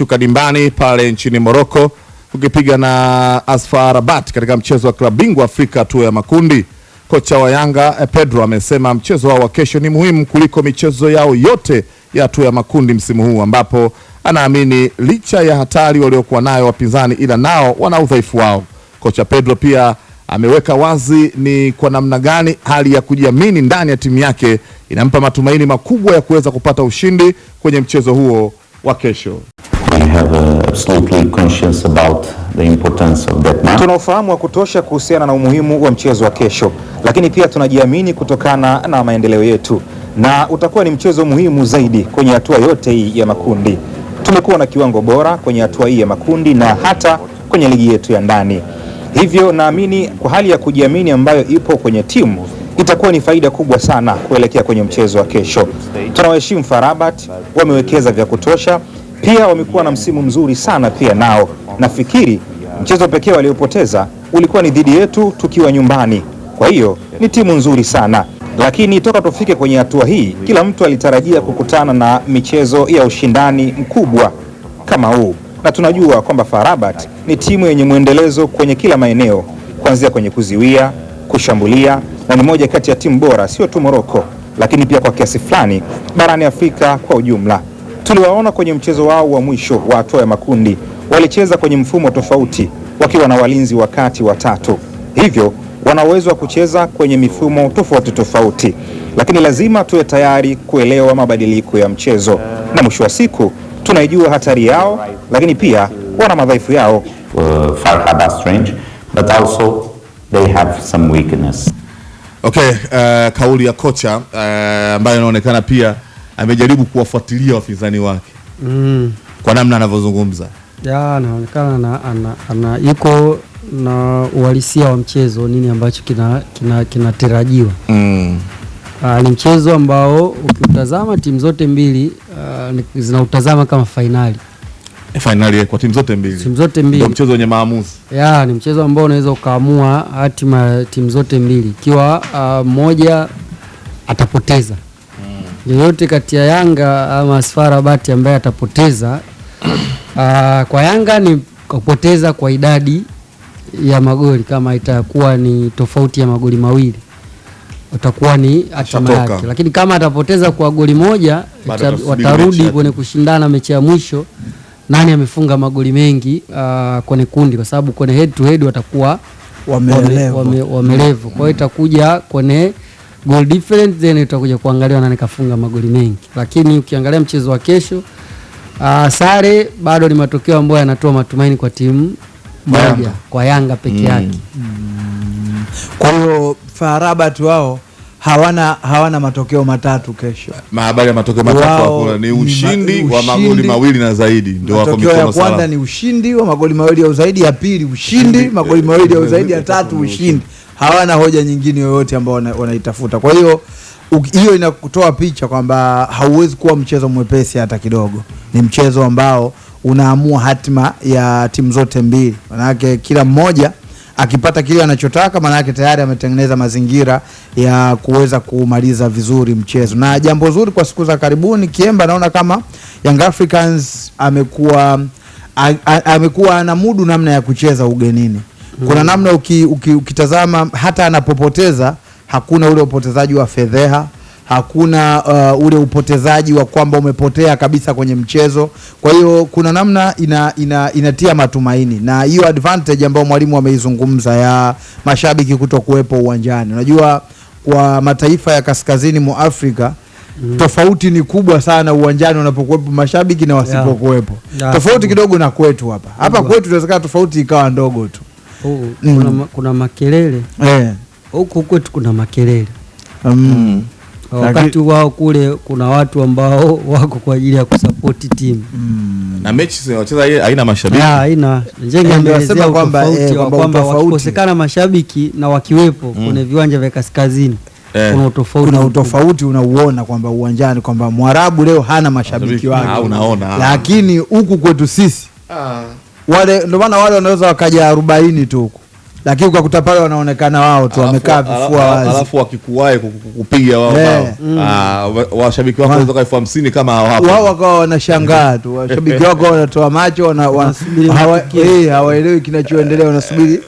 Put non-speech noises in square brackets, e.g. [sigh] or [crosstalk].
kushuka dimbani pale nchini Morocco ukipiga na Asfar Rabat katika mchezo wa klabu bingwa Afrika hatua ya makundi. Kocha wa Yanga eh, Pedro amesema mchezo wao wa kesho ni muhimu kuliko michezo yao yote ya hatua ya makundi msimu huu, ambapo anaamini licha ya hatari waliokuwa nayo wapinzani, ila nao wana udhaifu wao. Kocha Pedro pia ameweka wazi ni kwa namna gani hali ya kujiamini ndani ya timu yake inampa matumaini makubwa ya kuweza kupata ushindi kwenye mchezo huo wa kesho absolutely conscious about the importance of that match. Tuna ufahamu wa kutosha kuhusiana na umuhimu wa mchezo wa kesho, lakini pia tunajiamini kutokana na maendeleo yetu, na utakuwa ni mchezo muhimu zaidi kwenye hatua yote hii ya makundi. Tumekuwa na kiwango bora kwenye hatua hii ya makundi na hata kwenye ligi yetu ya ndani, hivyo naamini kwa hali ya kujiamini ambayo ipo kwenye timu itakuwa ni faida kubwa sana kuelekea kwenye mchezo wa kesho. Tunawaheshimu FAR Rabat, wamewekeza vya kutosha pia wamekuwa na msimu mzuri sana pia nao. Nafikiri mchezo pekee waliopoteza ulikuwa ni dhidi yetu tukiwa nyumbani. Kwa hiyo ni timu nzuri sana, lakini toka tufike kwenye hatua hii, kila mtu alitarajia kukutana na michezo ya ushindani mkubwa kama huu, na tunajua kwamba FAR Rabat ni timu yenye mwendelezo kwenye kila maeneo, kuanzia kwenye kuziwia, kushambulia, na ni moja kati ya timu bora sio tu Moroko, lakini pia kwa kiasi fulani barani Afrika kwa ujumla. Tuliwaona kwenye mchezo wao wa mwisho wa hatua ya makundi, walicheza kwenye mfumo tofauti wakiwa na walinzi wakati watatu, hivyo wana uwezo wa kucheza kwenye mifumo tofauti tofauti, lakini lazima tuwe tayari kuelewa mabadiliko ya mchezo, na mwisho wa siku tunaijua hatari yao, lakini pia wana madhaifu yao. Uh, strange, but also they have some weakness. Okay, uh, kauli ya kocha uh, ambayo uh, inaonekana pia amejaribu kuwafuatilia wapinzani wake mm. kwa namna anavyozungumza anaonekana ana, ana, ana, yuko na uhalisia wa mchezo, nini ambacho kinatarajiwa kina, kina mm. ah, ni mchezo ambao ukiutazama timu zote mbili uh, zinautazama kama fainali e, fainali kwa timu zote mbili, timu zote mbili, ndio mchezo wenye maamuzi ya, ni mchezo ambao unaweza ukaamua hatima ya timu zote mbili ikiwa uh, ah, moja atapoteza yoyote kati ya Yanga ama sfarabati ambaye atapoteza [coughs] aa, ah, kwa Yanga ni kupoteza kwa idadi ya magoli, kama itakuwa ni tofauti ya magoli mawili utakuwa ni hatima yake, lakini kama atapoteza kwa goli moja ita, watarudi kwenye kushindana mechi ya mwisho nani amefunga magoli mengi uh, kwenye kundi, kwa sababu kwenye head to head watakuwa wamelevu. Kwa hiyo mm. itakuja kwenye goal different then utakuja kuangalia nani kafunga magoli mengi, lakini ukiangalia mchezo wa kesho uh, sare bado ni matokeo ambayo yanatoa matumaini kwa timu moja kwa Yanga peke mm. yake mm. mm. kwa hiyo Farabat wao hawana hawana matokeo matatu kesho. Mahabari ya matokeo matatu hapo ni ushindi ma, wa magoli mawili na zaidi, ndio wako mikono salama. Ya kwanza ni ushindi wa magoli mawili au zaidi, ya pili ushindi magoli mawili au zaidi, ya tatu ushindi hawana hoja nyingine yoyote ambao wanaitafuta. Kwa hiyo hiyo inakutoa picha kwamba hauwezi kuwa mchezo mwepesi hata kidogo. Ni mchezo ambao unaamua hatima ya timu zote mbili, manake kila mmoja akipata kile anachotaka, manake tayari ametengeneza mazingira ya kuweza kumaliza vizuri mchezo. Na jambo zuri kwa siku za karibuni, Kiemba naona kama Young Africans amekuwa amekuwa ana mudu namna ya kucheza ugenini kuna mm. namna uki, uki, ukitazama hata anapopoteza hakuna ule upotezaji wa fedheha hakuna uh, ule upotezaji wa kwamba umepotea kabisa kwenye mchezo. Kwa hiyo kuna namna ina, ina, inatia matumaini na hiyo advantage ambayo mwalimu ameizungumza ya mashabiki kuto kuwepo uwanjani. Unajua, kwa mataifa ya kaskazini mwa Afrika mm. tofauti ni kubwa sana uwanjani unapokuwepo mashabiki na wasipokuwepo yeah. yeah. tofauti kidogo na kwetu hapa hapa kwetu inawezekana tofauti ikawa ndogo tu oh, kuna, ma, kuna makelele eh. Huku kwetu kuna makelele mm. mm. Wakati wao kule kuna watu ambao [laughs] wako kwa ajili ya kusapoti timu mm. na mechi zinacheza haina mashabiki, ah, haina Njenge eh, amesema kwamba eh, wakikosekana mashabiki na wakiwepo mm. kwenye viwanja vya kaskazini Eh, kuna utofauti, kuna utofauti unauona kwamba uwanjani kwamba Mwarabu leo hana mashabiki wake, ah, lakini huku kwetu sisi ah wale, ndio maana wale wanaweza wakaja arobaini tu huku lakini ukakuta pale wanaonekana wao tu wamekaa vifua wazi, alafu wakikuwae kupiga wao eh. mm. ah, washabiki wako wanatoka elfu hamsini kama hawapo wao, wakawa wanashangaa tu. Washabiki wako wanatoa macho, eh, hawaelewi kinachoendelea, wanasubiri